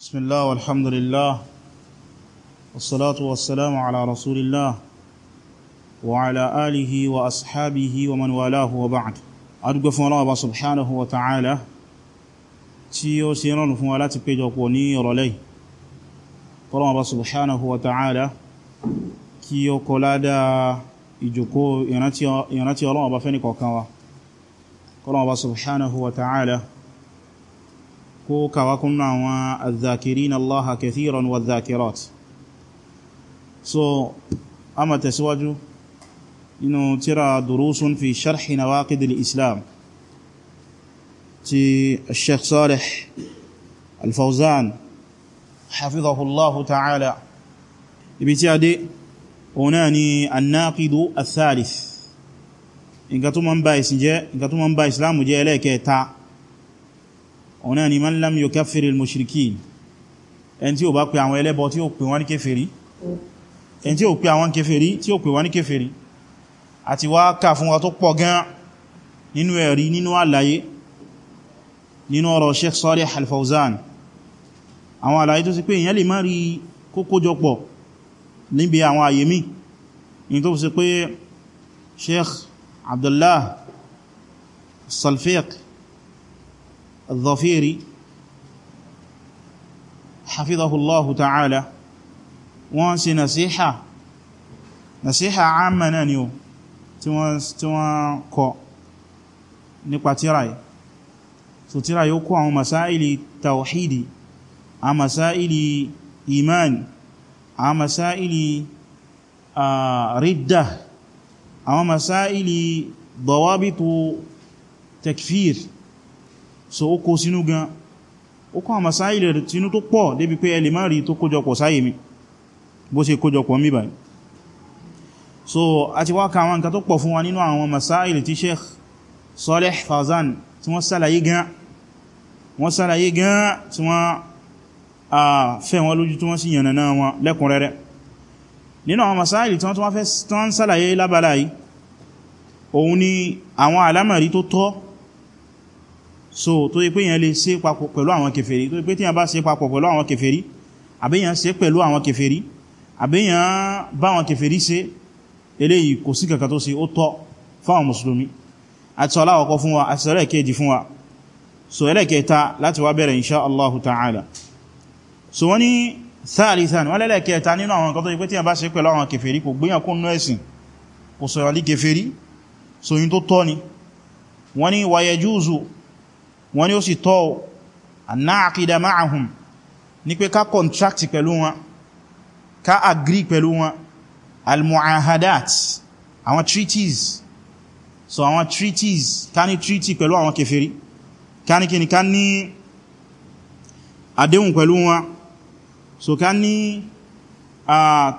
بسم الله والحمد لله والصلاة والسلام على رسول الله وعلى آله وأصحابه ومن والاه وبعد أدقى فنرى سبحانه وتعالى تيو سيران فنوالات بيجو قوني رلي قرى سبحانه وتعالى كيو قلادا ìjòkó ينتي الله بفنك fẹ́ ní kọ̀ọ̀kan wa kọ́lọ́wọ́ bá kó kàwákúnnà àwọn azakirin allaha kathiran wa zakirat so a ma tẹ̀síwájú inú tíra durusun fi sharhi nawaqid al-islam ti sheikh salih al-fawzan hafizahullahu ta'ala ibi tí a dé òun náà ni annaqidu al-thalith nǹkan tó ma ń ba ìsìn jẹ́ nǹkan ọ̀nà ni man lam yukaffir al-mushrikin ẹn tí ó bá pè àwọn ẹlẹ́bọ tí ó pè wọ́n ní kèfèrí ẹn tí ó pè àwọn kèfèrí tí ó pè wọ́n ní kèfèrí àti wá kà fún wa tó pọ̀ gan nínú ẹ̀rí nínú àlàyé nínú ọ̀rọ̀ Sheikh Salfiq الظفيري حفظه الله تعالى wọ́n sí nasíhà nasíhà àmà náà ni ó tí wọ́n kọ nípa tíráyì so tíráyì ó kó àwọn masáìlì tawhidi a masáìlì imani a masáìlì ridda àwọn masáìlì dawabitu takfir so ó kó sínú gan ó kọ́ àmà sáyé rẹ̀ sínú tó pọ̀ débi pé ẹlì má tó kójọpọ̀ sáyé mi bó ṣe kójọpọ̀ mí báyìí so a ti wá ka àwọn nǹkan tó pọ̀ fún wa nínú àwọn masáìlì tí Sheikh Saleh Fawzan tí wọ́n sàlàyé gan wọ́n sàlàyé gan tí wọ́n a fẹ́ wọn lójú tí wọ́n sì yànnà náà wọn lẹ́kùnrẹ́rẹ́ nínú àwọn masáìlì tí wọ́n tó wá fẹ́ sàlàyé lábàlá yìí òun ni àwọn alámàrí tó tọ́ so tó yí pé yẹn lè ṣe papọ̀ pẹ̀lú àwọn kèfèrí tó yí pé tí yẹn bá ṣe papọ̀ pẹ̀lú àwọn kèfèrí àbíyàn ṣe pẹ̀lú àwọn kèfèrí àbíyàn bá àwọn kèfèrí ṣe eléyìí kò sí kankan tó ṣe ó tọ́ fáwọn mùsùlùmí àti sọ aláwọ̀kọ́ fún wa àti sọ̀rẹ́ kejì fún wa so ẹlẹ́kẹta láti wá bẹ̀rẹ̀ insha Allahu ta'ala so wọ́n ní thalithan wọ́n lẹ́lẹ́kẹta nínú àwọn nǹkan to yí pé tí yẹn bá ṣe pẹ̀lú àwọn kèfèrí kò gbéyàn kó nú ẹ̀sìn kò sọ̀rọ̀ lí kèfèrí so yí tó tọ́ ni wọ́n ní wàyẹjúzù wọ́n ni ó sì tọ́ anáàkídà ma'ahum ní pé ká contract pẹ̀lú wọn ká agree pẹ̀lú wọn al àwọn treaties so àwọn treaties ká ní treaty pẹ̀lú àwọn kèfèrí ká ní kíni ká ní àdéhùn pẹ̀lú wọn so ká ní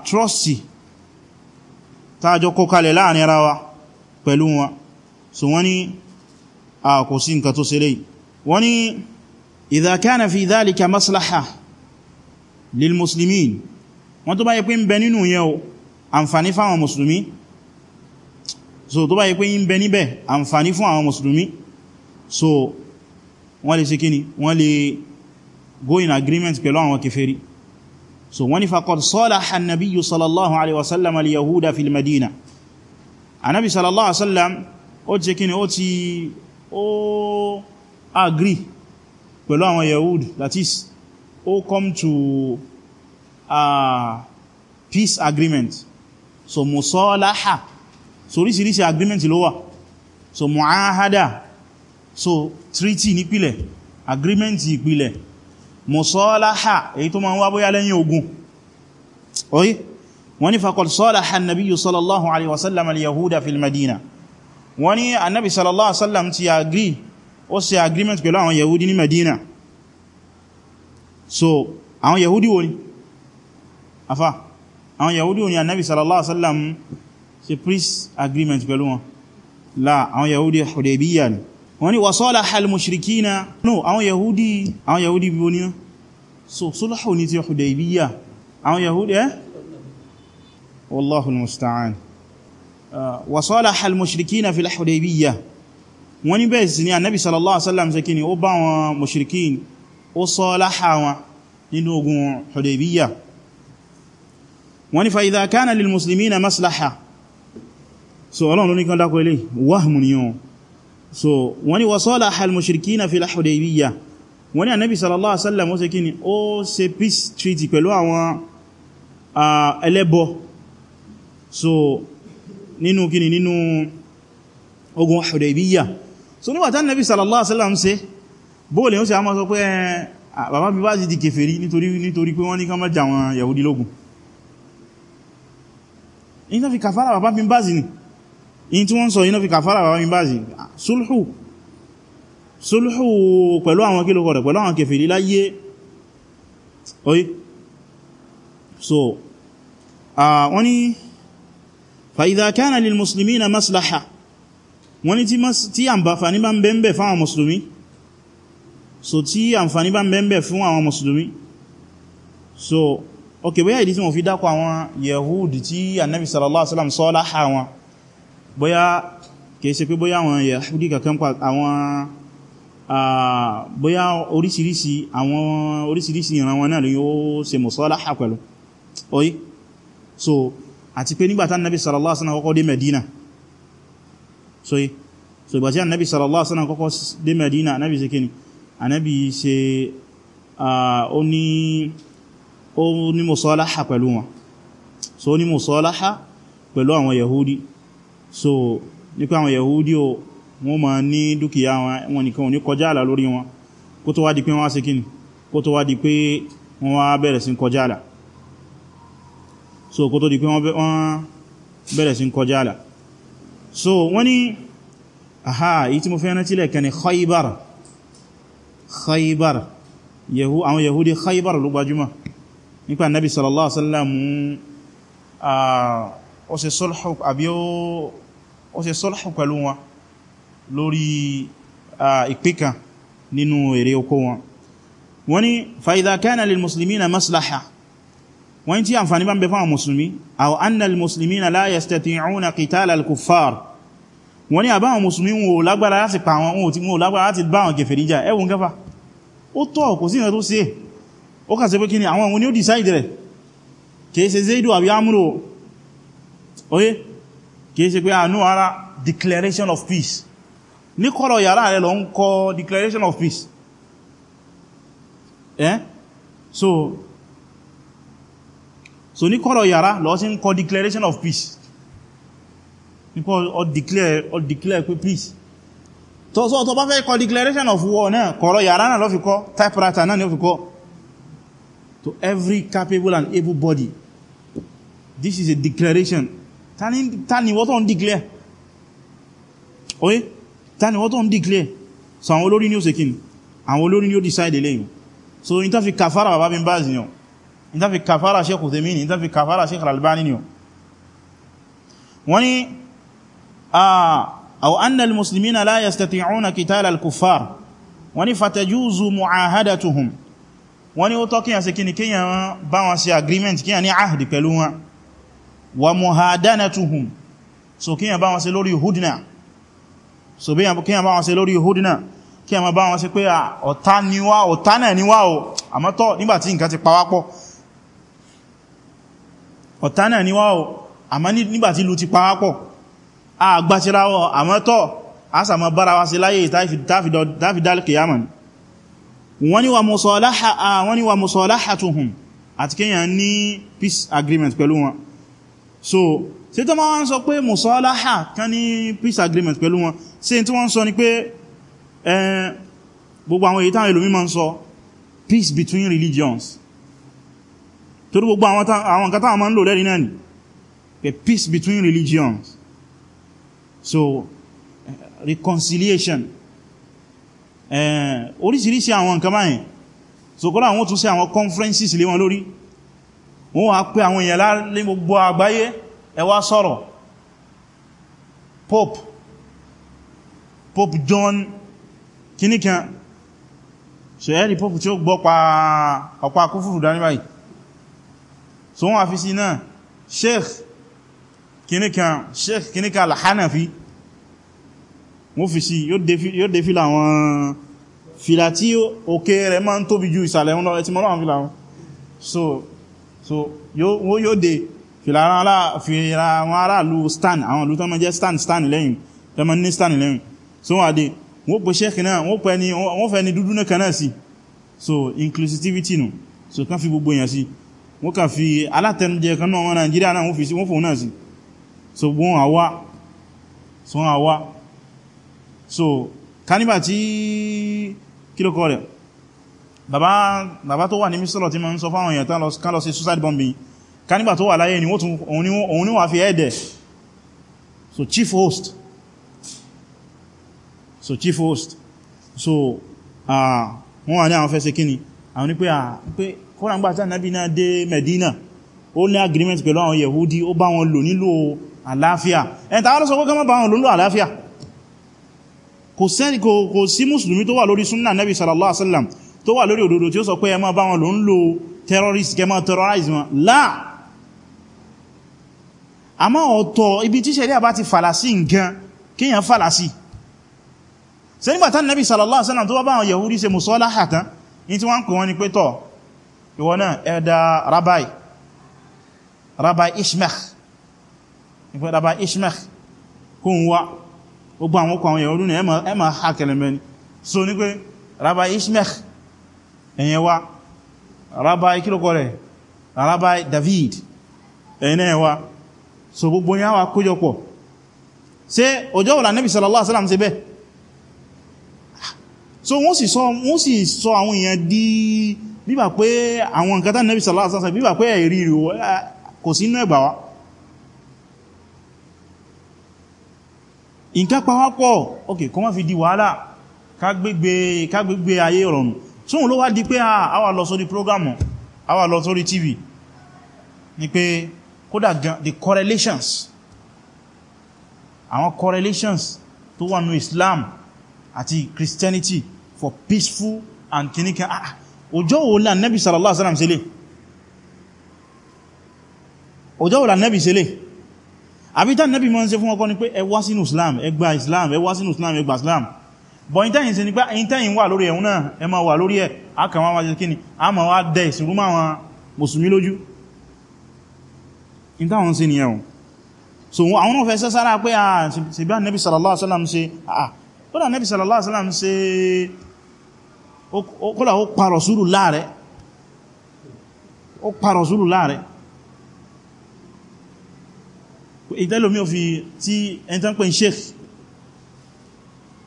trusty tààjọ kó kalẹ̀ láàrin ara wa pẹ̀lú wọn so wọ́n ni a kò sí nǹkan tó ṣe wọ́n ni idha kana fi dhalika maslaha lil muslimin wọ́n tó bá yẹ pé ń bẹ nínú yẹn o àǹfàní fún àwọn musulmi so tó bá yẹ pé ń bẹ níbẹ̀ àǹfàní fún àwọn musulmi so wọ́n lè ṣe kíni wọ́n lè go in agreement pẹ̀lú àwọn kèfèrí so wọ́n ni faqad salaha an-nabiyyu sallallahu alaihi wasallam al fil madina anabi sallallahu alaihi wasallam ó ti ṣe kíni ó ti ó agree pẹ̀lú àwọn Yahud that is ó come to a peace agreement so musalaha so oríṣiríṣi agreement ló wà so muahada so treaty nípìlẹ̀ agreement ìpìlẹ̀ musalaha èyí tó ma ń wá bóyá lẹ́yìn ogun oye wọ́n ní faqad salaha an-nabiyyu sallallahu alaihi wasallam al-yahuda fil madina wọ́n ní annabi sallallahu alaihi wasallam ti agree ó ṣe agreement pẹ̀lú àwọn yahudi ní medina so àwọn yahudi wo ni afá àwọn yahudi wo ni annabi sallallahu alaihi wasallam ṣe peace agreement pẹ̀lú wọn la àwọn yahudi hudaybiyya ni wọ́n ni wasọ́lá halmushirikina no àwọn yahudi àwọn yahudi bí wọ́n so sulhu ni ti hudaybiyya àwọn yahudi eh wallahu almusta'an uh, wasọ́lá halmushirikina fi hudaybiyya wọ́n ní bẹ́ẹ̀ sí ní annabi sallallahu alaihi wasallam ṣe kíni ó bá wọn mushrikin ó sọ́láhà wọn nínú ogun Hudaybiyah wọ́n ní fa idha kana lil muslimina maslaha so ọlọ́run ní kan dákọ̀ ilé wahmun yíò so wọ́n ní wa salaha al mushrikina fil Hudaybiyah wọ́n ní annabi sallallahu alaihi wasallam ó ogun Hudaybiyah so nígbàtá nàbí sallallahu alaihi wasallam ṣe bóòlì ó sì a máa sọ pé eh, bàbá bí bá ti di kèfèrí nítorí pé wọ́n ní kán má jà wọn yahudi lógun iná fi kàfàrà bàbá bí bázi ni in tí wọ́n sọ iná fi kàfàrà bàbá bí bázi sulhu sulhu pẹ̀lú àwọn kí rẹ̀ pẹ̀lú àwọn kèfèrí láyé oye so wọ́n ni fa idha kana lil muslimina maslaha wọ́n ní tí àǹfàní bá ń bẹ́ẹ̀bẹ̀ fún àwọn mùsùlùmí so tí àǹfàní bá ń bẹ́ẹ̀bẹ̀ fún àwọn mùsùlùmí so ok bóyá ìdí tí wọ́n fi dákọ̀ àwọn yahudi tí annabi sallallahu alaihi wasallam sọ́lá àwọn bóyá kìí ṣe pé bóyá àwọn yahudi kankan pa àwọn bóyá oríṣiríṣi àwọn oríṣiríṣi ìran wọn náà yóò ṣe mùsọ́lá pẹ̀lú oyi so àti sallallahu alaihi wasallam kọ́kọ́ so so ìgbà tí annabi sallallahu alaihi wasallam kọ́kọ́ dé medina annabi ṣe kíni annabi ṣe ó ní ó ní musalaha pẹ̀lú wọn so ó ní musalaha pẹ̀lú àwọn yahudi so nípa àwọn yahudi o wọ́n ma ní dúkìá wọn nìkan ò ní kọjá àlà lórí wọn kó tó wá di pé wọ́n ṣe kíni kó tó wá di pé wọ́n wá bẹ̀rẹ̀ sí kọjá àlà so kó tó di pé wọ́n bẹ̀rẹ̀ sí kọjá àlà so wọ́n ni aha èyí tí mo fẹ́ rántí lẹ́ẹ̀kan ni khaybar khaybar àwọn yahudi khaybar ló gbajúmọ̀ nípa nabi sallallahu alaihi wasallam ó ṣe sọ́lọ̀hù àbí ó ṣe sọ́lọ̀hù pẹ̀lú wọn lórí ìpíkà nínú èrè oko wọn wọ́n ni fa idha kana lil muslimina maslaha wọ́n tí àǹfàní bá ń bẹ fáwọn musulmi aw anna al-muslimina la yastati'una qitala al-kuffar wọ́n ní àbáwọn musulmi wọn ò lágbára láti pa àwọn ohun tí wọn ò lágbára láti bá àwọn kèfèrí jà ẹwùn gẹ́fà ó tọ́ kò sí ìrìn tó sí ó kà sí pé kí ni àwọn òun ni ó decide rẹ̀ kìí ṣe zaidu àbí amúrò oye kìí pé àánú ara declaration of peace ní kọ́lọ̀ yàrá rẹ̀ lọ ń kọ declaration of peace eh so so ní kọ́rọ̀ yàrá lọ sí ń kọ declaration of peace nípa ọ declare ọ declare pé peace tó sọ tó bá fẹ́ kọ declaration of war náà kọ̀rọ̀ yàrá náà lọ fi kọ typewriter náà ni ó fi kọ to every capable and able body this is a declaration tani wọ́n tó ń declare oye tani wọ́n tó ń declare so àwọn olórí ni ó ṣe kí ni àwọn olórí ni ó decide lẹ́yìn so in tó fi kàfàrà bàbá bí n bá ìtàn fi kàfàrà Sheikh Uthaymeen ìtàn fi kàfàrà Sheikh Al-Albani ni wọ́n ni أو أن المسلمين لا يستطيعون قتال الكفار وني فتجوز معاهدتهم وني وتوكي يسكني كي باون سي agreement كي ني عهد pẹ̀lú wọn ومهادنتهم so kí yàn bá wọn ṣe lórí hudna so bí kí yàn bá wọn ṣe lórí hudna kí yàn bá wọn ṣe pé ọ̀tá ni ọ̀tá náà ni wá àmọ́tọ́ nígbàtí nǹkan ti pawápọ̀ ọ̀tá náà ni wá o àmọ́ nígbàtí ló ti pàápọ̀ àgbàtíráwọ̀ àmọ́ tọ́ asàmọ́ bára wa sí láyé táfidálkì yàmà wọ́n ni wà musalahatuhum àti kíyàn ní peace agreement pẹ̀lú so ṣé tó máa musalaha kan peace agreement pẹ̀lú wọn ṣé tí wọ́n sọ ni pé eh, gbogbo àwọn èyí peace between religions torí gbogbo àwọn nǹkan táwọn máa ń lò lẹ́rin náà ni pé peace between religions so eh, reconciliation eh, oríṣiríṣi àwọn nǹkan báyìí so kọ́lá àwọn tún ṣe àwọn conferences lé wọn lórí wọ́n wá pé àwọn èèyàn lálé gbogbo àgbáyé ẹ wá sọ̀rọ̀ pope pope john kìníkan so ẹ̀rí pope tí ó gbọ́ pa ọ̀pá kúfùrù dání báyìí so wọ́n àfi sí náà sheikh kìníkan sheikh kìníkan al-Hanafi wọ́n fi sí yóò dé fílà wọn fìlà tí òkè rẹ̀ máa ń tóbi ju ìsàlẹ̀ wọn lọ ẹ̀tí mọ́lọ́ àwọn fìlà wọn so so wọ́n yóò dé fìlà àwọn aráàlú stan àwọn ìlú tó máa jẹ́ stan stan lẹ́yìn tó máa ní stan lẹ́yìn so wọ́n àdé wọ́n pè sheikh náà wọ́n fẹ́ ni dúdú náà kan náà sí so inclusivity nù so kan fi gbogbo èèyàn sí si wọ́n kà fi alátẹnujẹ kan náà wọn Nàìjíríà náà wọ́n fi sí wọ́n fòun náà sí so wọ́n àwá so wọ́n àwá so kaníbà tí kílòkọ rẹ̀ bàbá tó wà ní mísọ́lọ̀ tí ma ń sọ fáwọn èèyàn tán lọ sí suicide bombing kaníbà tó wà láyé ni òun ni wà fi ẹ̀ẹ́dẹ̀ so chief host so chief host so ah, wọ́n wà ní àwọn fẹ́ ṣe kíni àwọn ni pé ah, kọ́nà ń gbà tí ànábì náà dé Medina ó ní agreement pẹ̀lú àwọn Yehudi ó bá wọn lò nílò àlàáfíà ẹni tàwọn lọ́sọ kọ́kọ́ bá wọn lò nílò àlàáfíà kò sẹ́ni kò sí mùsùlùmí tó wà lórí súnnà ànábì sallallahu alaihi wasallam tó wà lórí òdodo tí ó sọ pé ẹ má bá wọn lò nílò terrorist kẹ́ má terrorize wọn láà àmọ́ ọ̀tọ̀ ibi tí ṣẹ̀ríà bá nàbí sallallahu ìwọ náà ẹ̀dà rabai rabai ishmech ìpẹ́ rabai ishmech kó ń wá gbogbo àwọn ọkọ̀ àwọn ẹ̀rùn ẹ̀mà hakẹlẹ̀mẹ́ ni so ní pé rabai ishmech ẹ̀yẹn wá rabai kílòkọ rẹ̀ rabai david ẹ̀yẹn náà wá so gbogbo yá wa kójọpọ̀ ṣé ọjọ́ ọ̀la Nabi sallallahu alaihi wasallam ṣe bẹ́ẹ̀ so wọ́n sì sọ àwọn èèyàn díí bíbà pé àwọn nǹkan tán nẹ́bí sallallahu alaihi wasallam bíbà pé ẹ̀rí rí kò sí inú ẹgbà wá nǹkan pàwápọ̀ ok kọ́ má fi di wàhálà kágbégbé ayé rọrùn tóhun ló wá di pé àwà lọ sórí prógámù àwà lọ sórí tv ni pé kódà gan the correlations àwọn correlations tó wà ní Islam àti Christianity for peaceful and clinical ah ọjọ́ wo la nẹ́bí sallallahu alaihi wasallam sílẹ̀ ọjọ́ wo la nẹ́bí sílẹ̀ àbítà nẹ́bí mọ́ ń ṣe fún ọkọ́ ní pé ẹ wá sínú islam ẹ gba islam ẹ wá sínú islam ẹ gba islam bọ̀ ìtẹ́yìn sí ni pé ìtẹ́yìn wà lórí ẹ̀hún náà ẹ ma wà lórí ẹ̀ akàwọn wájẹ́ kíni a ma wá dẹ ìsìnkú ma wọn mùsùlùmí lójú ìtàwọn sí ni ẹ̀hún so àwọn náà fẹ́ sẹ́sára pé a ah, sì bí a nẹ́bí sallallahu alaihi wasallam ṣe ah, ah, kódà ó pa Rasulu láàrẹ ó pa Rasulu láàrẹ ìtẹ́lómí ò fi tí ẹni tán pè ń sheikh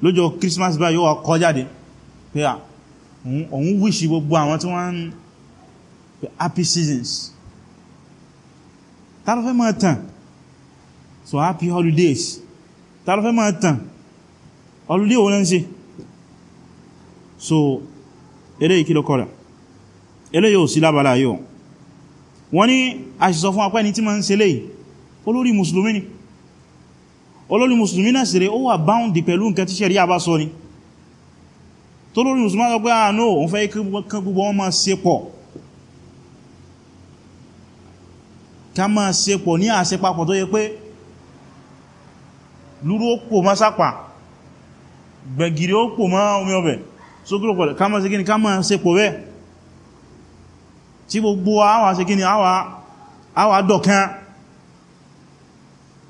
lọ́jọ́ Christmas bá yóò wà kọ jáde pé à òun wíṣì gbogbo àwọn tí wọ́n ń pè happy seasons tàbí máa tàn so happy holidays tàbí máa tàn holiday òun ń ṣe so eléyìí kí ló kọ́lá eléyìí ò sí lábàlá yóò wọ́n ní a sì sọ fún apẹ́ni tí ma ń ṣe léyìí olórí mùsùlùmí ni olórí mùsùlùmí náà sì rẹ̀ ó wà bound pẹ̀lú nǹkan tí ṣẹ̀ríà bá sọ ni tó lórí mùsùlùmí sọ pé àánú ah, òun fẹ́ kí gbogbo lúrú ó pò má sápà gbẹ̀gìrì ó pò má omi ọbẹ̀ so gúrò pọ̀lẹ̀ ká mọ́ sí kíni ká mọ́ sí pò rẹ̀ tí gbogbo àwà sí kíni àwà dọ̀kan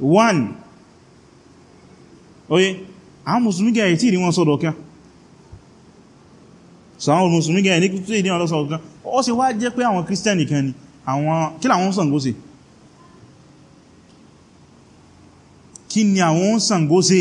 one oye àwọn musulmi gẹ̀ẹ́ tí ìrí wọn sọ dọ̀kan so àwọn musulmi gẹ̀ẹ́ ní tí ìrí wọn lọ sọ dọ̀kan ó sì wá jẹ́ pé àwọn kírísítẹ́nì kan ni àwọn kí làwọn Ṣàngó ṣe kí ni àwọn Ṣàngó ṣe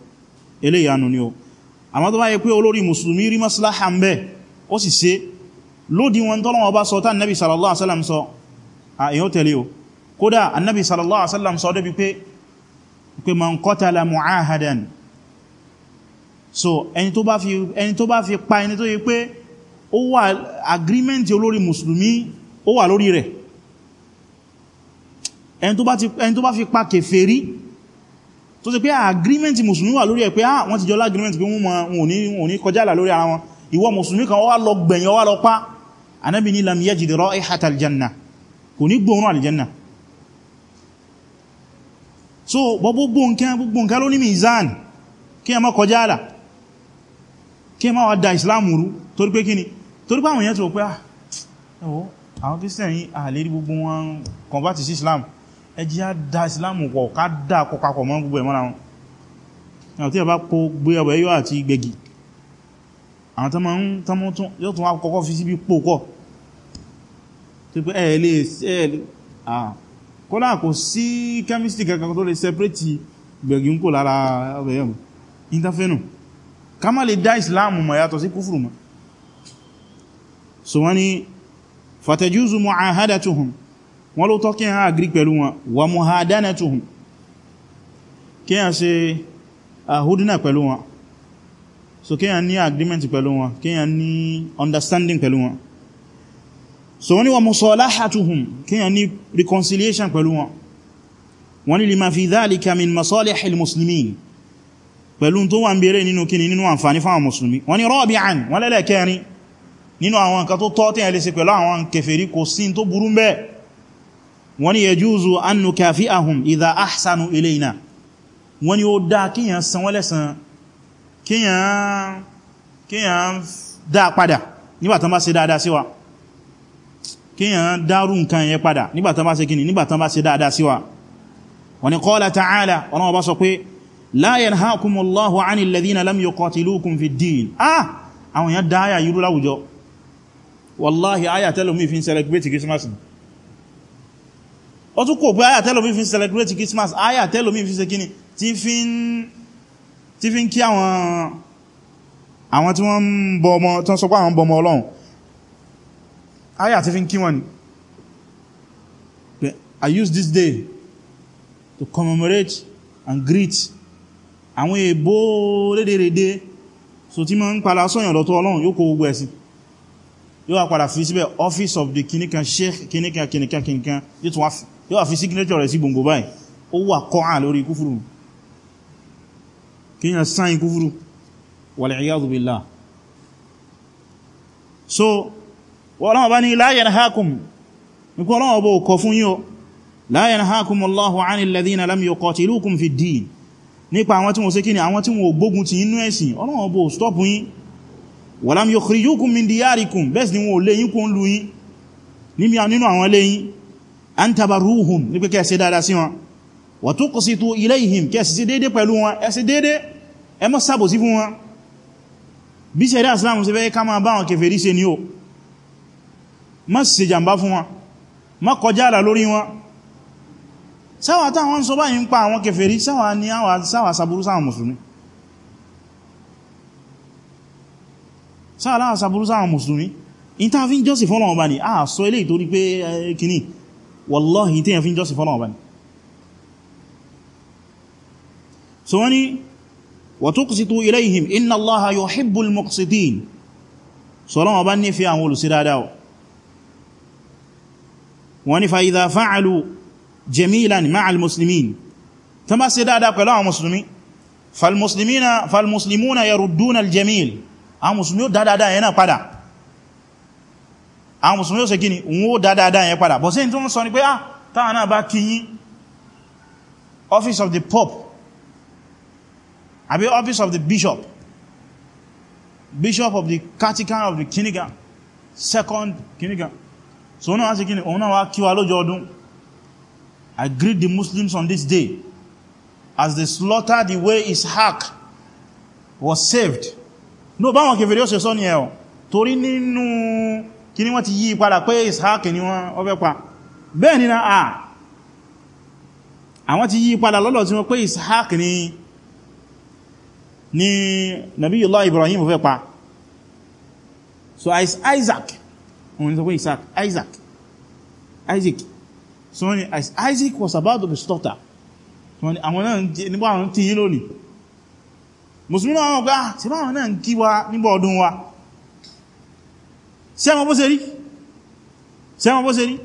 eléyanu ni o àmọ́ tó bá yẹ pé olórí mùsùlùmí rí maslaha ń bẹ ó sì ṣe lódí wọn tọ́lọ́wọ́ bá sọ tán nabi sallallahu alaihi wasallam sọ àyíó tẹ̀lé o kódà annabi sallallahu alaihi débi pé pé man qatala mu'ahadan so ẹni tó bá fi ẹni tó bá fi pa ẹni tó yẹ pé ó wà agreement olórí mùsùlùmí ó wà lórí rẹ̀ ẹni tó bá fi pa kèfèrí tó ṣe pé agreement mùsùlùmí wà lórí ẹ̀ pé ah, wọ́n ti jọ agreement pé wọ́n ní kọjá àlà lórí ara wọn ìwọ mùsùlùmí kan wá lọ gbẹ̀yìn wá lọ pa anábì ní lam yajid raihata aljanna kò ní gbóòrùn aljanna so gbogbo nǹkan gbogbo nǹkan ló ní mizan kí ẹ má kọjá àlà kí ẹ má wá da islam rú torí pé kíni torí pé àwọn èèyàn ti ah, wò pé ẹjí á dá ìsìláàmù pọ̀ ká dá kọkakọ̀ mọ́ gbogbo ẹ̀mọ́ra wọn àwọn tí a bá po gbé ọbẹ̀ yóò àti gbẹ̀gì àwọn tánmọ́ yóò tún wá kọ́kọ́ fi síbí pò kọ́ tí pé ẹ̀ lè kọ́lá kò sí chemistry kankan tó lè separate gbẹ̀gì ń kò lára ọbẹ̀ yẹn interfenu ká má lè dá ìsìláàmù mọ̀ yàtọ̀ sí kúfùrù wọ́n ló tọ́ kí hàn agrí pẹ̀lú wọn wà muhadanatuhum kí hàn ṣe àhúdínà pẹ̀lú wọn so kí hàn ní agreement pẹ̀lú wọn kí hàn ní understanding pẹ̀lú wọn so wọ́n ni wà musalahatuhum kí hàn ní reconciliation pẹ̀lú wọn wọ́n ni lima fi dhalika min masalihil muslimin pẹ̀lú tó wà ń bèèrè nínú kíni nínú àǹfàní fáwọn musulmi wọ́n ni rabi'an wọ́n lẹ́lẹ̀kẹ́rin nínú àwọn nǹkan tó tọ́ tí ẹ lè ṣe pẹ̀lú àwọn kèfèrí kò sí tó burú bẹ́ẹ̀ wọ́n ni yajuzu an nukafi'ahum idha ahsanu ilayna wọ́n ni ó dá kíyàn san wọ́n lẹ́san kíyàn dá padà nígbàtán bá ṣe dáadáa sí wa kíyàn dárú nǹkan yẹn padà nígbàtán bá ṣe kíni nígbàtán bá ṣe dáadáa sí wọ́n ni qala ta'ala ọ̀nà ọba sọ pé la ó tún kò pé àyà tẹ́lómi fi celebrate Christmas àyà mi fi ṣe kíni tí fi ń kí àwọn tí wọ́n ń bọ ọmọ tán sọpá àwọn bọmọ ọlọ́run àyà tí fi ń kí wọn ni I use this day to commemorate and greet àwọn èbó lédèrèdè so tí ma ń padà sọ́yàn lọ́tọ́ ọlọ́run yóò kó gbogbo ẹ̀sìn yóò wá padà fi síbẹ̀ office of the kìníkan sheikh kìníkan kìníkan kìníkan yóò tún wá fi yóò wà fi signature rẹ̀ sí gbogbo báyìí ó wà kọ́à lórí kúfùrù kíyàn sáyìn kúfùrù wal-iyadhu so wọ́n bá ní la yanhakum nípa ọlọ́wọ́ bó kọ fún yíò la yanhakum Allahu 'anil ladhina lam yuqatilukum fid din nípa àwọn tí wọ́n ṣe kíni àwọn tí wọ́n gbógun ti inú ẹ̀sìn ọlọ́wọ́ bó stop yín lè yín an tabarruhum ní pé kẹ́ ṣe dáadáa sí wọn wa tuqsitu ilayhim kẹ́ ṣe dédé pẹ̀lú wọn ẹ ṣe dédé ẹ má ṣàbòsí fún wọn bí ṣe dáa islam ṣe fẹ́ ká máa bá wọn kèfèrí ṣe ni ó má ṣe jàmbá fún wọn má kọjá àlà lórí wọn sáwà táwọn sọ báyìí ń pa àwọn kèfèrí sáwà ní sáwà sàbúrú sáwọn mùsùlùmí sáwà láwà sàbúrú sáwọn mùsùlùmí in fi ń jọ́sì fọ́lọ̀ ọba ni a sọ ilé ìtorí pé kìíní wallahi tí yẹn fi ń jọ́sìn fọ́nà ọba ni so wọ́n ni wa tuqsitu ilayhim inna allaha yuhibbul muqsitin sọ́lọ́n ọba ní fi àwọn olùsí dáadáa wọ́n ni fa idha fa'alu jamilan ma'al muslimin àwọn mùsùlùmí ó ṣe gíní òun ó dáadáa yẹn padà bọ̀ sí tó ń sọ ni pé ah táwọn náà bá kíyín office of the pope àbí office of the bishop bishop of the Vatican of the kinigan second kinigan so náà wá sí kíní òun náà wá kíwa lọ́jọ́ ọdún I greet the Muslims on this day as they slaughter the way Ishaq was saved no báwọn kèfèrè ó ṣe sọ ni ẹ̀ torí nínú kí ni wọ́n ti yí padà pé ishaq ni wọ́n ọfẹ́ pa bẹ́ẹ̀ ni náà àwọn ti yí padà lọ́lọ́ tí wọ́n pé ishaq ni ni nabiyullah ibrahim ọfẹ́ pa so isaac wọ́n pé isaac isaac so wọ́n ni was about to be slaughtered wọ́n ni àwọn náà nígbà àwọn ah, tí sí ẹmọ bó ṣe rí sí ẹmọ bó ṣe rí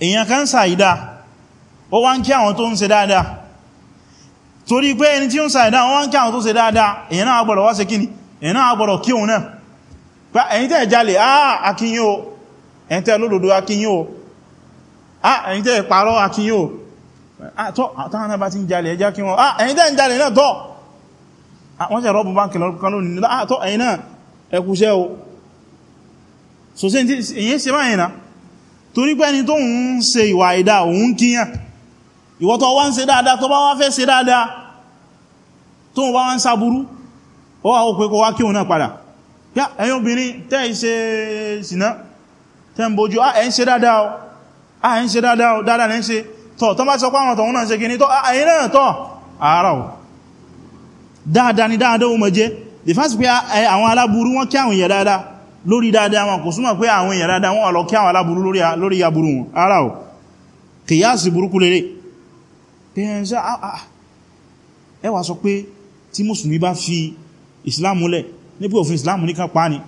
èyàn kan sàìdá ó wá ń kí àwọn tó ń ṣe dáadáa torí pé ẹni tí ó ń sàìdá wọ́n wá ń kí àwọn tó ṣe dáadáa èyàn náà gbọ́dọ̀ wá ṣe kíni èyàn náà gbọ́dọ̀ kí òun náà pa ẹ̀yin tẹ́ jalè ah akíyín o ẹ̀yin tẹ́ lódòdó akíyín o ah ẹ̀yin tẹ́ parọ́ akíyín ah tọ́ àtàwọn náà bá ti ń ah ẹ̀yin tẹ́ ń jalè náà tọ́ wọ́n ṣe rọ́bù báńkì ah tọ́ ẹ̀yin náà ẹkùṣẹ́ o so se èyàn se báyìí na tó nípa ẹni tó ń ṣe ìwà ìdá òun kíyàn ìwọ́tọ̀ wá ń ṣe dáadáa tó bá wá fẹ́ ṣe dáadáa tó wá ń sáburú ó wá òpé kó wá kí òun náà padà yá ẹ̀yin obìnrin tẹ́ ìṣe sínà tẹ́ ń bójú à ah, ń ṣe ah, ni dáadáa ó mọ̀ jẹ́ the fact pé eh, àwọn aláburú wọ́n kí lórí dáadáa wọn kò súnmọ̀ pé àwọn èèyàn dáadáa wọn lọ kí àwọn aláburú lórí aburú wọn ara ò kìyàsì burúkú lérè ẹ wá sọ pé tí mùsùlùmí bá fi islam múlẹ̀ nípò òfin islam ní kan pa ni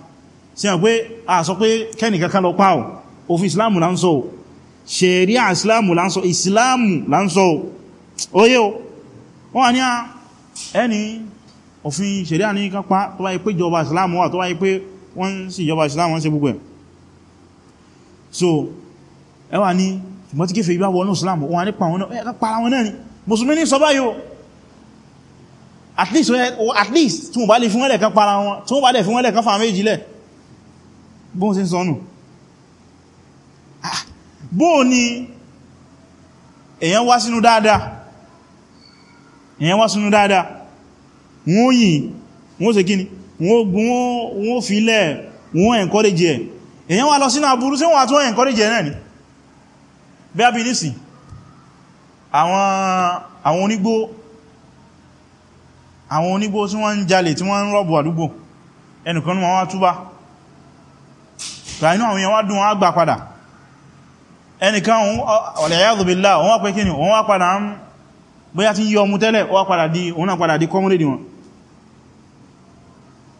sí ẹ̀ a sọ pé kẹ́nìkan kan lọ pa ò òfin islam là ń sọ ò ṣẹ̀ríà islam là ń sọ islam là ń sọ ò òye ò wọ́n ẹni òfin ṣẹ̀ríà ní kan wọ́n sì jọba islam wọ́n ṣe gbogbo ẹ̀ so ẹ wà ní ṣùgbọ́n tí kéfèé bá wọnú islam wọ́n ní pàwọn náà para wọn náà ni mùsùlùmí ní sọ báyìí at least at least tí wọ́n bá lè fún ẹlẹ́kan para wọn tí wọ́n bá lè fún ẹlẹ́kan fà méjì lẹ̀ bóhun sí sọ́nù ah, ni wọ́n gún wọ́n filẹ̀ wọ́n encourage ẹ̀ èyàn wà lọ sínú aburú sí wọ́n àtún encourage ẹ̀ náà ni bí a bí ní sí àwọn onígbó àwọn onígbó tí wọ́n ń jalè tí wọ́n ń rọ́bù àdúgbò ẹnìkan ní wọ́n wá túbá ràínú àwọn èèyàn wá dùn wọ́n á gbà padà ẹnìkan ọ̀lẹ̀yàdù billah wọ́n wá pẹ́ ni wọ́n wá padà ń bóyá tí yọ ọmú tẹ́lẹ̀ wọ́n padà di kọ́múrédì wọn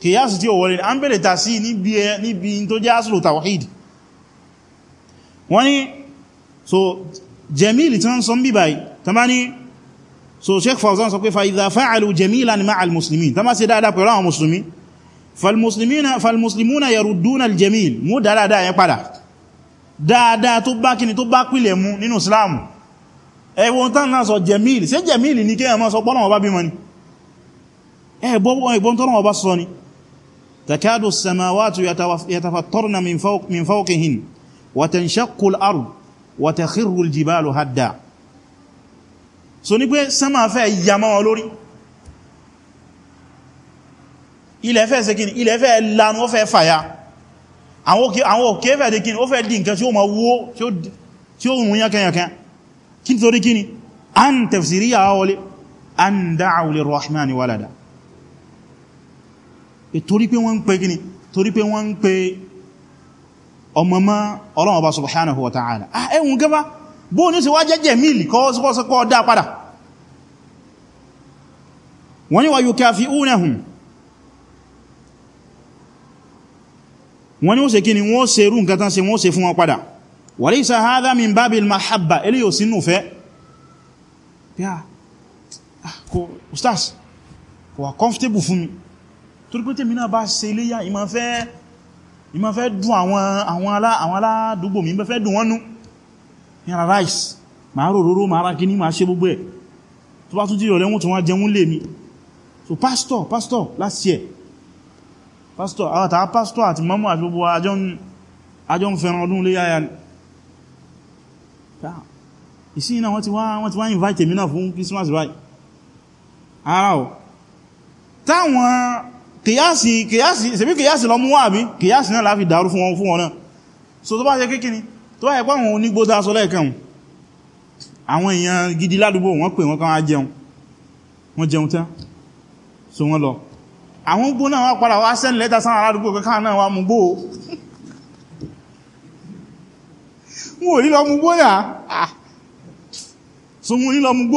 kìyàsù tí ó wọlé a ń bèèrè tà sí níbi tó jẹ́ asùlù tawhid wọ́n ni so jamil tí wọ́n sọ ń bí báyìí ta ní so sheikh Fawzan sọ pé fa'idha fa'alu jamilan ma'al muslimin ta bá ṣe dáadáa pẹ̀lú àwọn musulmi falmuslimuna yarudduna aljamil mú dáadáa yẹn padà dáadáa tó bá kíni tó bá pìlẹ̀ mú nínú islam ẹwọ́n tán náà sọ jamil ṣé jamil ní kí ẹ má sọ pọ́nà tọ́nà ọba sọ ni تكاد السماوات يتفطرن من فوق من فوقهن وتنشق الارض وتخر الجبال هدا so ní pé sánmà fẹ́ yà mọ́ lórí ilẹ̀ fẹ́ ṣe kíni ilẹ̀ fẹ́ lanu ó fẹ́ fàya àwọn òkè fẹ́ dé kíni ó fẹ́ dì nǹkan tí ó ma wó tí ó rùn yankanyankan kí nítorí kíni an tafsiriya wọlé an da'u lir walada torí pé wọ́n ń pe gini torí pé wọ́n ń pe ọmọ mọ́ Ọlọ́run Ọba subhanahu wa ta'ala ah ẹ̀hùn gẹ́bá bó ní sí wá jẹ́jẹ́ mílì kọ́ sọ́kọ́ dá padà wọ́n ni wà yukafi'unahum wọ́n ni ó ṣe kí ni wọ́n ṣe rú nǹkan yóò sínú fẹ́ wà comfortable fún mi torí pé tèmi náà bá ṣe iléyà ìmọ̀ fẹ́ dùn àwọn aládùgbò mi fẹ́ dùn wọ́n nú ìyàrá rice ma rò róró ma ara kíní ma ṣe gbogbo ẹ̀ tó bá tún jí ìrọ̀lẹ́ tó wọ́n jẹun lè mi so pastor pastor last year pastor àwọ̀ta pastor àti mọ́mọ́ àti gbogbo àjọ ń fẹ́ràn ọdún lé yáyà ni ìsìn náà wọ́n ti wá wọ́n ti wá invite èmi náà Christmas right ara ọ̀ táwọn kìyàsí kìyàsí ṣebí kìyàsí lọ mú wà bí kìyàsí náà láfi dàrú fún wọn fún wọn náà so tó bá jẹ́ kékíní tó bá ẹ̀pá wọn onígbó dáṣọ lẹ́ẹ̀kan àwọn èèyàn gidi ládùúgbò wọ́n pè wọ́n kan wá jẹun wọ́n jẹun tán so wọ́n lọ àwọn gbó náà wá padà wá sẹ́ni lẹ́ta sáwọn aládùúgbò kankan náà wá mú gbó wọn ò ní lọ mú gbó náà ah. so wọn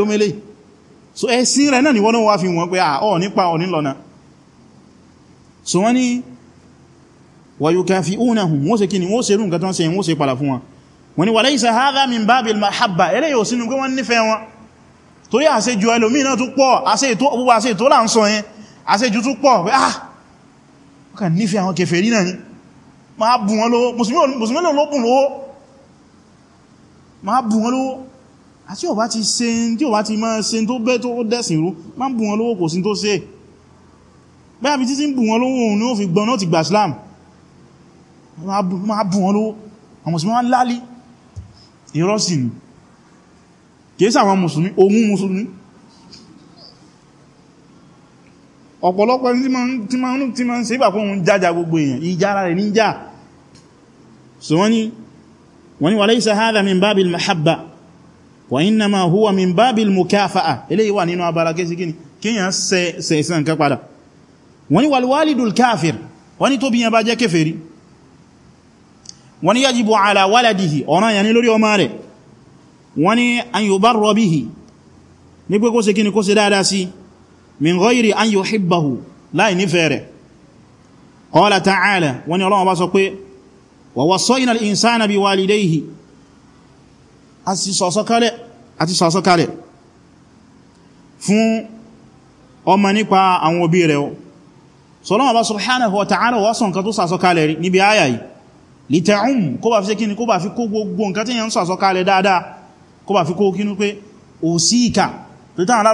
ò so ẹ̀sìn rẹ̀ náà ni wọ́n náà wá fi wọ́n pé ah, ọ̀ nípa ọ̀ nílọ́nà so wọ́n ni wayukafi'unahum wọ́n ṣe kí ni wọ́n ṣe rún gatan sayin wọ́n ṣe padà fún wọn wọ́n ni walaysa hadha min babil mahabba ẹlẹ́ yóò sínú pé wọ́n nífẹ́ wọn torí àṣẹ ju ẹlòmí náà tún pọ̀ àṣẹ tó là ń sọ yẹn àṣẹ ju tún ah wọ́n kà nífẹ́ àwọn kèfèrí náà ni máa bù wọn lówó mùsùlùmí ló bùn àti ọ̀bá ti ṣe tí ọ̀bá ti máa ṣe tó bẹ́ tó dẹ̀sìn rú má ń bù wọn lówó kò sí tó ṣe bẹ́ẹ̀ bí títí ń bù wọn lówó ní ó fi gbọ́n náà ti gbà Islam má bù wọn lówó àwọn mùsùlùmí wọ́n lálí ìrọ́sì ni kèésà àwọn mùsùlùmí ohun mùsùlùmí ọ̀pọ̀lọpọ̀ tí ma ń ṣe ìgbà fún jájá gbogbo èèyàn ìjára rẹ̀ ní so wọ́n ni wọ́n ni walaysa hadha wa innama huwa min babil mukafa'a eléyìí wà nínú abala kesi kini kiyan ṣe ṣe san ka padà wọ́n ní wal walidul kafir wọ́n ní tó bí yan bá jẹ́ kèfèrí wọ́n ní yajibu ala waladihi ọ̀ràn yan ni lórí ọmọ rẹ̀ wọ́n ní an yubarra bihi ní àti sọ̀sọ́kálẹ̀ fún ọmọ nípa àwọn òbí rẹ̀ o sọ́lọ́wọ́ bá subhanahu wa ta'ala wá sọ nǹkan tó sàsọ́kálẹ̀ rí níbi ayà yìí lè tẹ̀hùn kó bá fi ṣe kíni kó bá fi kó gbogbo nǹkan tí yẹn ń sàsọ́kálẹ̀ dáadáa kó bá fi kó kínú pé ò sí ìkà tó táwọn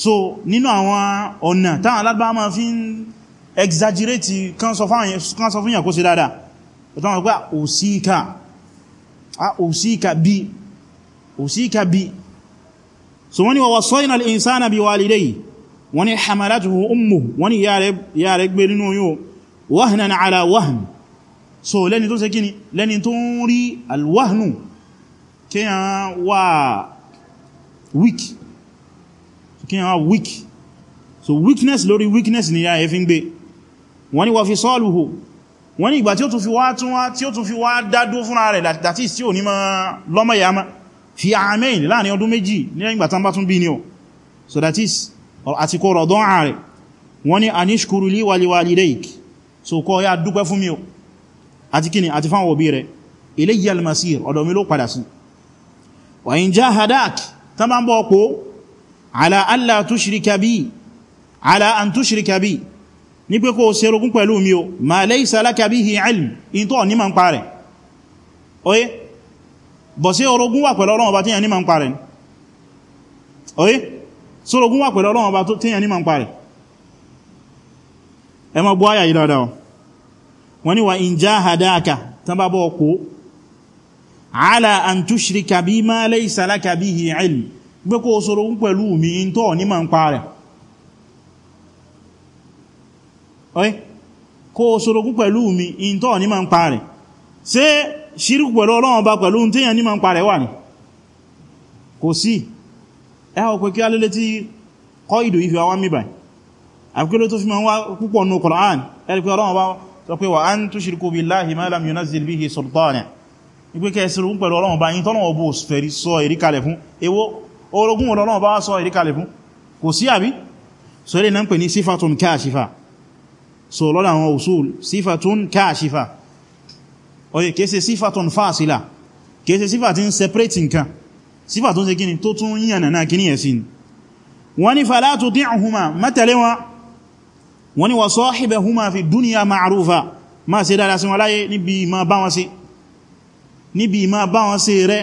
so nínú àwọn ọ̀nà táwọn alágbà máa fi ń exaggerate kan sọ fún ìyàkó ah, sí dáadáa ọ̀tọ́ wọn pé òsíkà ah, òsíkà bí òsíkà bí so wọ́n ni wa wassayna al-insana biwalidayhi wọ́n ni hamalatuhu ummuhu wọ́n ni ìyá rẹ̀ so lẹ́ni tó ṣe kíni lẹ́ni tó ń kí weak so weakness lórí weakness ni ya ẹ̀fin gbé wọ́n ni wọ́n fi sọ́ọ̀lùhù wọ́n ni ìgbà tí ó tún fi wá tún wá tí ó tún fi wá dádó fúnra rẹ̀ dàtí tí ò ní mọ́ lọ́mọ yàmá fi àmẹ́yìn láàrin ọdún méjì ní ìgbà tán bá tún bí ní ọ so that is àti kó rọ̀dán ààrẹ wọ́n ni anishkuru li wa li walidaik so kọ́ ya dúpẹ́ fún mi o àti kíni àti fáwọn òbí rẹ̀ ilayya al-masir ọ̀dọ̀ mi ló padà sí wa jahadak tán bá ń bọ́ ọkọ̀ ala alla tushrika bi ala an tushrika bi ní pé kó ṣerogún pẹ̀lú mi o ma laysa laka bihi ilm in tó ní ma ń parẹ̀ oye bọ̀ sí orogún wà pẹ̀lú Ọlọ́run ọba tíyàn ní ma ń parẹ̀ oye sórogún wà pẹ̀lú Ọlọ́run ọba tíyàn ní ma ń parẹ̀ ẹ ma gbọ́ àyà yìí dáadáa wọ́n ni wa in jahadaka tán bá bọ́ ọkọ̀ ala an tushrika bi ma laysa laka bihi ilm gbé kó sọ́rọ̀ ń pẹ̀lú mi in tó ní ma ń pa rẹ̀ ọ́yí kó sọ́rọ̀ ń pẹ̀lú mi in tó ní ma ń pa rẹ̀ ṣe ṣírùkù pẹ̀lú Ọlọ́run bá pẹ̀lú tíyàn ní ma ń pa rẹ̀ wà ní kò sí ẹ ó kí alẹ́lẹ́ tí kọ́ ìdò ìfẹ́ wá mìbà àkílò tó wa an tushriku billahi ma lam yunazil bihi sultana ìpé kẹsìrì ń pẹ̀lú Ọlọ́run bá yí tọ́nà ọbọ̀ fẹ̀rí sọ orogún ọlọ́run bá sọ ìríkalẹ̀ fún kò sí àbí so ilé na ń pè ní sífàtún káàṣífà so lọ́dọ̀ àwọn usul sífàtún káàṣífà oye kéèsè sífàtún fásílà kéèsè sífàtún separate nǹkan sífàtún ṣe kíni tó tún yíyànà náà kíní ẹ̀sìn wọ́n ni fala tuti'huma mẹ́tẹ̀lé wọn wọ́n ni wa sahibahuma fi dúníyà ma'rufa ma ṣe dára sí wọn láyé níbi ma bá wọn ṣe níbi ma bá wọn ṣe rẹ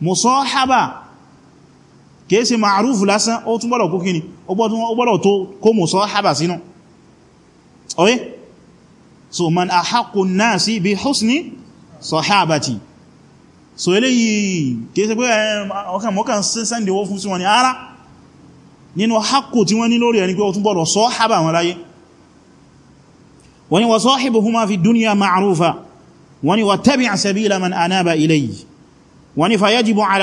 musahaba kìí ṣe ma'arúfù lásán ó tún gbọ́dọ̀ kó kíni ó gbọ́dọ̀ tó kó mú sọ hábà sínú ọ̀yẹ́ so man ahaqqu an-nasi bi husni sahabati so eléyìí kìí ṣe pé eh, ọkàn mọ́kàn sẹ́ndẹ̀ wọ́n fún sí wọn ni ara nínú haqqu tí wọ́n ní lórí ẹni pé ó tún sọ hábà wọn láyé wọ́n ni wa sahibuhuma fi dunya ma'rufa wọ́n ni wa tabi' sabila man anaba ilayhi wọ́n ni fa yajibu al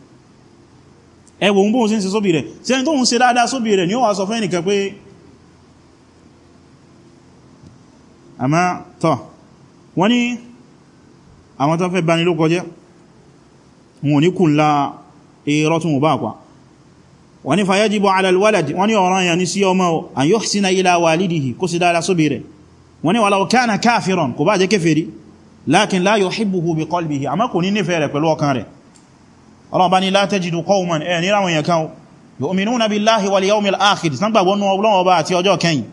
ẹwọ ohun bóhun sí ń ṣe sóbì rẹ̀ sí ẹni tó ń ṣe dáadáa sóbì rẹ̀ ni ó wà sọ fẹ́ nìkan pé àmá tọ́ wọ́n ní àwọn tó fẹ́ bani ló kọjẹ́ wọn ní kùn la èrọ tún bá kwa wọ́n ní fayajibu ala alwalad wọ́n ní ọ̀rọ̀ yà ní sí ọmọ ọlọ́ọ̀bá ni la tajidu qawman ẹ̀ níra wọn yẹn kan yu'minuna billahi wal yawmil akhir sángbàgbọ́ nú Ọlọ́run Ọba àti ọjọ́ kẹyìn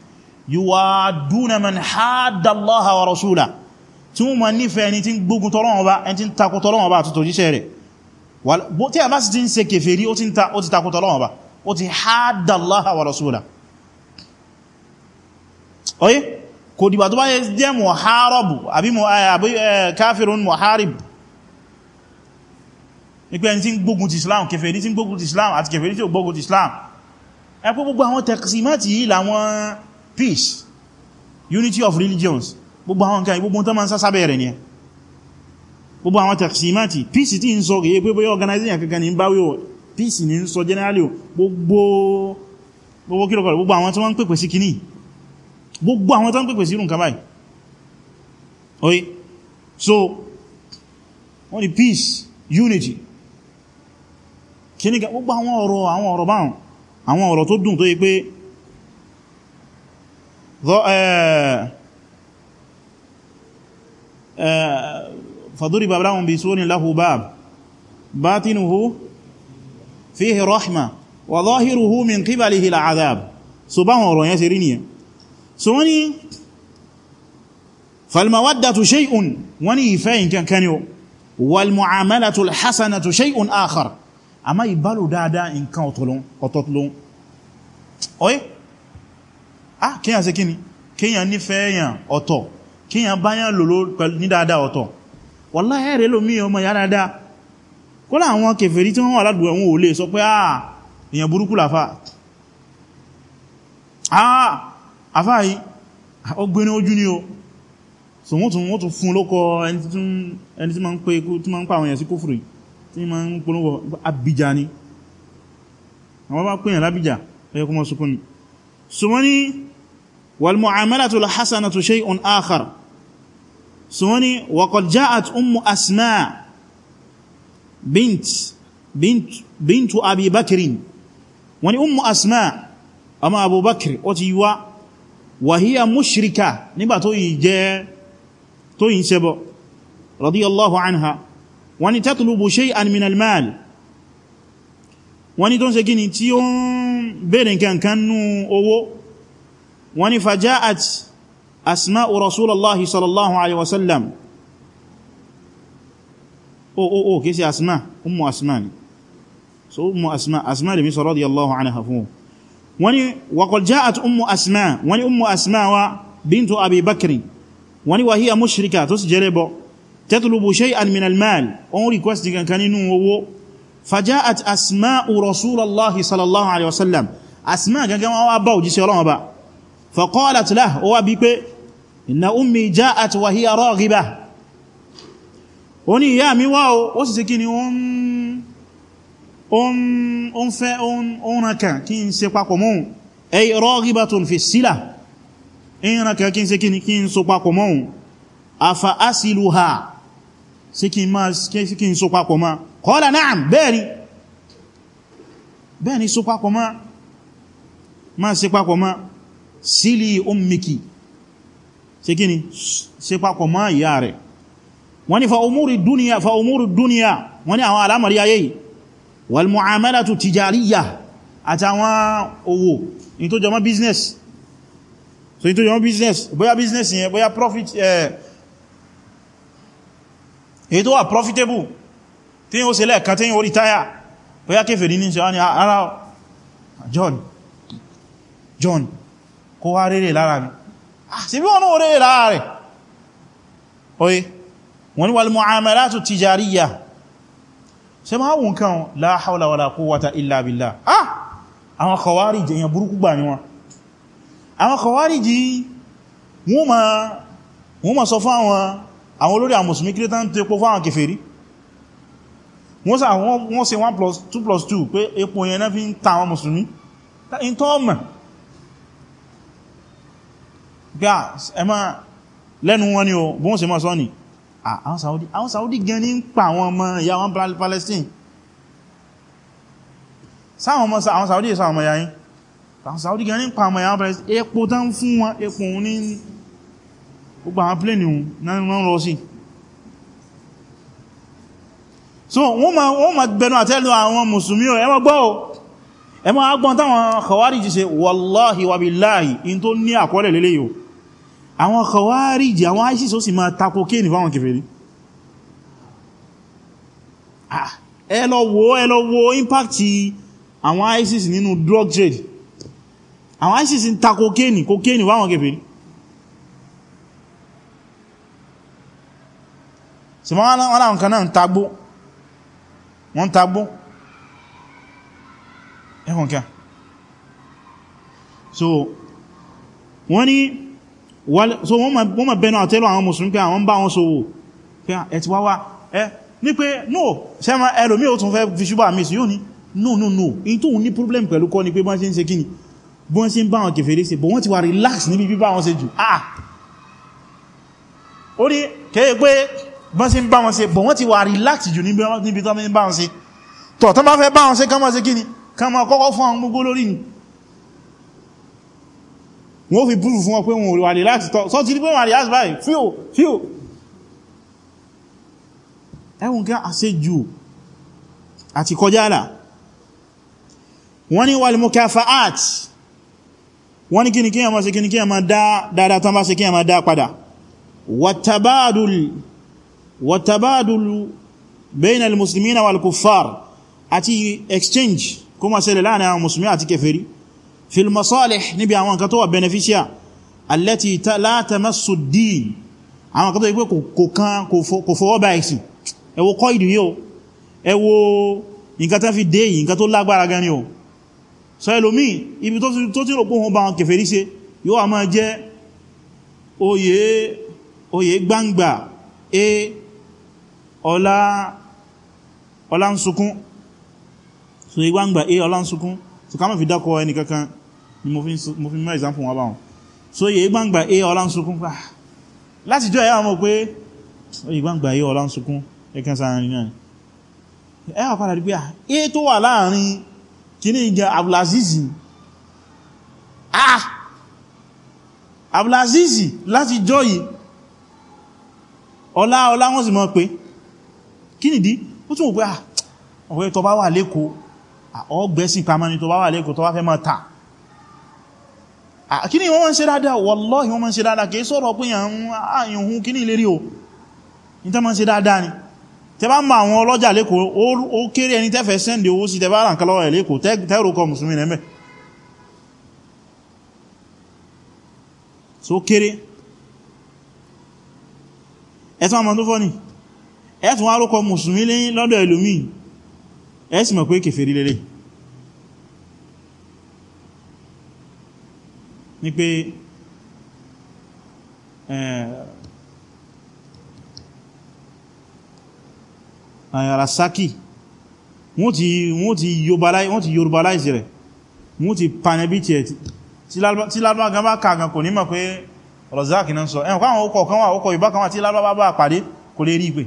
yuwadduna man hadda Allaha wa rasulahu tí wọ́n ma nífẹ̀ẹ́ ẹni tí ń gbógun t'Ọlọ́run Ọba ẹni tí ń takò t'Ọlọ́run Ọba àti tòjíṣẹ́ rẹ̀ tí a bá sì ti oye kò dìgbà tó bá yẹ jẹ́ muharabu àbí eh, eh, káfirun muharib nígbẹ́ ẹni tí ń gbógun ti Islam kèfèrí tí ń gbógun ti Islam àti kèfèrí tí ó gbógun ti Islam ẹ̀pọ̀ gbogbo àwọn tẹ̀kìsímáàtì yìí làwọn peace unity of religions gbogbo àwọn nǹkan gbogbo tó ma ń sásábẹ̀ rẹ̀ ní gbogbo àwọn tẹ̀kìsímáàtì peace tí ń sọ rèé pé bóyá organization kankan peace ní ń sọ generally o gbogbo gbogbo kírọkọ̀ gbogbo àwọn tó wọ́n ń pèpè sí kìíní gbogbo àwọn tó ń so wọ́n peace unity kí ní gbogbo àwọn ọ̀rọ̀ àwọn ọ̀rọ̀ báhùn àwọn ọ̀rọ̀ tó dùn tó yí pé fàdúrí babaláwọn bí sóní láhù báb bátinuhu fíhì rahma wà lọ́hìrùhú min kíbalihì la'adab so báwọn ọ̀rọ̀ yẹn sí rí nìyẹn so wọ́n ni shay'un wani ìfẹ́ nǹkan kan walmu'amalatu alhassanatu shay'un akhar àmá ìbálò dáadáa nǹkan ọ̀tọ̀lọ́n ọ̀yẹ́ ah kíyàn ṣe kíni kíyàn nífẹ̀ẹ́ èèyàn ọ̀tọ̀ kíyàn báyàn lòlò ní dáadáa ọ̀tọ̀ wallahi ẹ̀rẹ́ lómi ọmọ yà dáadáa kó láwọn kèfèrí tí wọ́n wà ládùú ẹ̀wọ̀n ò lè sọ pé ah èèyàn burúkú làfà ah àfà yìí ó gbé ní ojú ni o so wọ́n tún fún lókọ ẹni tí ma ń pa àwọn èèyàn sí kófùrù yìí tí ma ń polówó Abidjan ni àwọn bá pèyàn lábíjà ẹ̀yẹ kó mọ́ sukún ni so wọ́n ni wal mu'amalatu al-hasanatu shay'un akhar so wọ́n ni wa qad ja'at ummu asma bint bint bintu abi wọ́n ni ummu asma ọmọ abubakir ó ti wá wa mushrika nígbà tó yìí jẹ́ tó yìí ṣẹbọ radiyallahu anha wọ́n ni tatlubu shay'an min al-mal wọ́n ni tó ń ṣe gini tí ó ń bèèrè kankan nú owó wọ́n ni faja'at asma'u rasulallahi sallallahu alaihi wasallam o o o kìí sí asma ummu asma ni so ummu asma asma lè mi sọ radiyallahu anha fún wọ́n ni wa qad ja'at ummu asma wọ́n ni ummu asma wa bintu abi bakri wọ́n ni wa hiya mushrika tó sì jẹ́rẹ́bọ̀ تطلب شيئا من المال اون ريكوست كان نينو owó فجاءت اسماء رسول الله صلى الله عليه وسلم اسماء gangan wá bá òjíṣẹ́ Ọlọ́run bá فقالت له ó wá bi pé ان امي جاءت وهي راغبه ó ní ìyá mi wá o ó sì ṣe kíni on on on fẹ́ on on kan kin ṣe papọ̀ mọ́ ay raghibatun fi sila in ran kan kin ṣe kíni kin so papọ̀ mọ́ afa asiluha sí kí n máa sí kí n so papọ̀ ma kọ́lá náà bẹ́ẹ̀ni bẹ́ẹ̀ni so papọ̀ ma ma se papọ̀ ma sílì ummiki sí kí ni se papọ̀ ma ìyá rẹ̀ wọ́n ni fa umuri duniya fa umuri duniya wọ́n ni àwọn alamari ayé wal mu'amalatu tijariya àtàwọn owó in tó jọmọ́ business so in tó business bóyá business yẹn bóyá profit eh, èyí tó wà profitable tí ó ṣe lẹ́ẹ̀kan tí ó retire bóyá kéfèrí ní ṣe wá ní ara John John kó wá rere lára mi sí ah, bí wọ́n náà rere lára rẹ̀ oye wọ́n ni wal muamalatu tijariyya ṣe máa wùn kan la hawla wala quwwata àwọn olórí àwọn mùsùlùmí kí tán tẹ́ epo fáwọn kèfèrí wọ́n sà wọ́n ṣe 1 plus 2 plus 2 pé epo yẹn náà fi ń ta àwọn mùsùlùmí in tó mọ̀ gbà ẹmà lẹ́nu wọn ni o bóhùn ṣe mọ́ sọ́ ni àwọn Saudi àwọn Saudi gan ní ń pa àwọn ọmọ ìyá wọn Palestine sáwọn ọmọ Saudi sáwọn ọmọ ìyá yìí àwọn Saudi gan ní ń pa àwọn ọmọ ìyá wọn Palestine epo tán fún wọn epo gbogbo àwọn pléni wọn rọ sí so wọ́n ma wọ́n ma gbẹnu àtẹ́lù àwọn mùsùlùmí ẹ má gbọ́ o ẹ má agbọn táwọn khawariji ṣe wallahi wa billahi in tó ní àkọọ́lẹ̀ lélé yóò àwọn khawariji àwọn ISIS ó sì ma tako kéènì fáwọn kèfèrí ah, ẹ lọ wo ẹ lọ wo impact sí wọ́n láwọn kan náà ń tagbó wọ́n ń tagbó ẹkùn kí so wọ́n ni so wọ́n ma bẹnu àtẹ́lọ àwọn mùsùlùmí pé àwọn bá wọn ṣòwò pé ẹ ti wá wá ẹ ní pé no sẹ́mà ẹlòmí ò tún fẹ́ fi ṣúgbà mìí yóò ní no no no in tó ní problem pẹ̀lú kọ́ ni pé bọ́n ṣe ń ṣe kíni bọ́n ṣe ń bá wọn kèfèrè ṣe bọ́ wọ́n ti relax níbi bí bá wọn ṣe jù ah ó ní kẹ́ẹ̀ pé bọ́n sí ń bá wọn ṣe bọ̀ wọ́n ti wà relax jù níbi tọ́ bá wọn ṣe tọ̀ tọ́ bá fẹ́ bá wọn ṣe kán máa ṣe kíni kán máa kọ́kọ́ fún àwọn gbogbo lórí ni wọ́n fi búrú fún wọn pé wọn wà relax tọ́ sọ ti rí pé wà relax báyìí fíò fíò ẹwùn kí a ṣe jù àti kọjá àlà wọ́n ní wal mukafa'at wọ́n ní kíni kíyàn wàtàbádùlù bẹ́yìn al-musulmi na wal-kuffar àti exchange kó ma ṣẹlẹ̀ láàrin àwọn musulmi àti kèfèrí fil masalih níbi àwọn nǹkan tó wà beneficia allati la tamassu ad-din àwọn nǹkan tó wípé kò kan kò fọwọ́ bá ẹ̀sìn ẹ wo kọ́ ìdù yíò ẹ wo nǹkan tó fi dé yìí nǹkan tó lágbára gan ni o sọ ẹlòmí ibi tó tí rògbò hàn bá wọn kèfèrí ṣe yóò a máa jẹ́ oyè oyè gbangba a e ọlá ọlá ń sunkún so igbá ń gbà a ọlá ń sunkún so ká mọ̀ fi dákọ ẹni kankan ni mo fi mọ́ example wọn báwọn so yẹ igbá ń gbà a ọlá ń sunkún pà ah, láti jọ ẹ̀yà mọ̀ pé igbá ń gbà E ọlá ń sunkún ẹkẹ́ sáàrin náà ẹwà padà rí ah abúlázìzì láti jọ yìí ọlá ọlá wọ́n sì mọ̀ pé kí nìdí ó tún òpé ah, ọ̀rẹ́ tó bá wà lẹ́kọ́ ọgbẹ́sí pàmọ́ ni tó bá wà lẹ́kọ́ tó bá fẹ́ máa tà kí ni wọ́n máa ń ṣe dáadáa wallahi wọ́n máa ń ṣe dáadáa kìí sọ̀rọ̀ pé ààyàn ah, hun kí ní ìlérí o ní tẹ́ máa ń ṣe dáadáa ni tẹ́ bá ń ma àwọn ọlọ́jà lẹ́kọ́ ó kéré ẹni tẹ́fẹ́ sẹ́ndẹ̀ owó sí tẹ́ bá ràn kálọ́wọ́ ẹ̀ lẹ́kọ́ tẹ́rùkọ mùsùlùmí nẹ́mẹ́ so kéré ẹ̀tọ́ àmọ́ tó fọ́ ni ẹ̀tùn wá rókọ mùsùlùmí lẹ́yìn lọ́dọ̀ ẹlòmí ẹ sì mọ̀ pé kèfèrí lélẹ̀ ní pé àyàrásaki wọ́n ti yorùbáláìsì rẹ̀ wọ́n ti panẹbítì ẹ̀ tí lálọ́wà gan bá kàgàn kò ní mọ̀ pé Razaki náà sọ ẹ̀kọ́ àwọn ọkọ̀ kan wà ọkọ̀ ìbákan wà tí lálọ́wà bá pàdé kò lè rí ìpè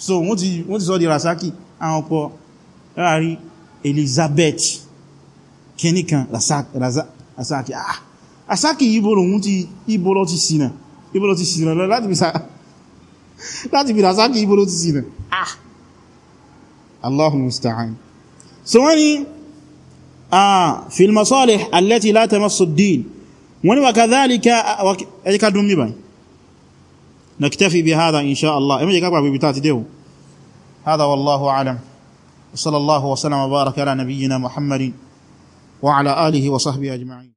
so wọ́n ti wọ́n ti sọ di rasaki àwọn ọ̀pọ̀ rárí Elizabeth kìníkan rasaki ah rasaki ibolo wọ́n ti ibolo ti sinà ibolo ti sinà lọ láti bí rasaki ibolo ti sinà ah Allahumma musta'an so wọ́n ni ah fil masalih allati la tamassu ad-din wọ́n ni wa kadhalika ẹ̀yíká dùn mí báyìí نكتفي بهذا إن شاء الله إما يقابع ببتات ديو هذا والله أعلم صلى الله وسلم وبارك على نبينا محمد وعلى آله وصحبه أجمعين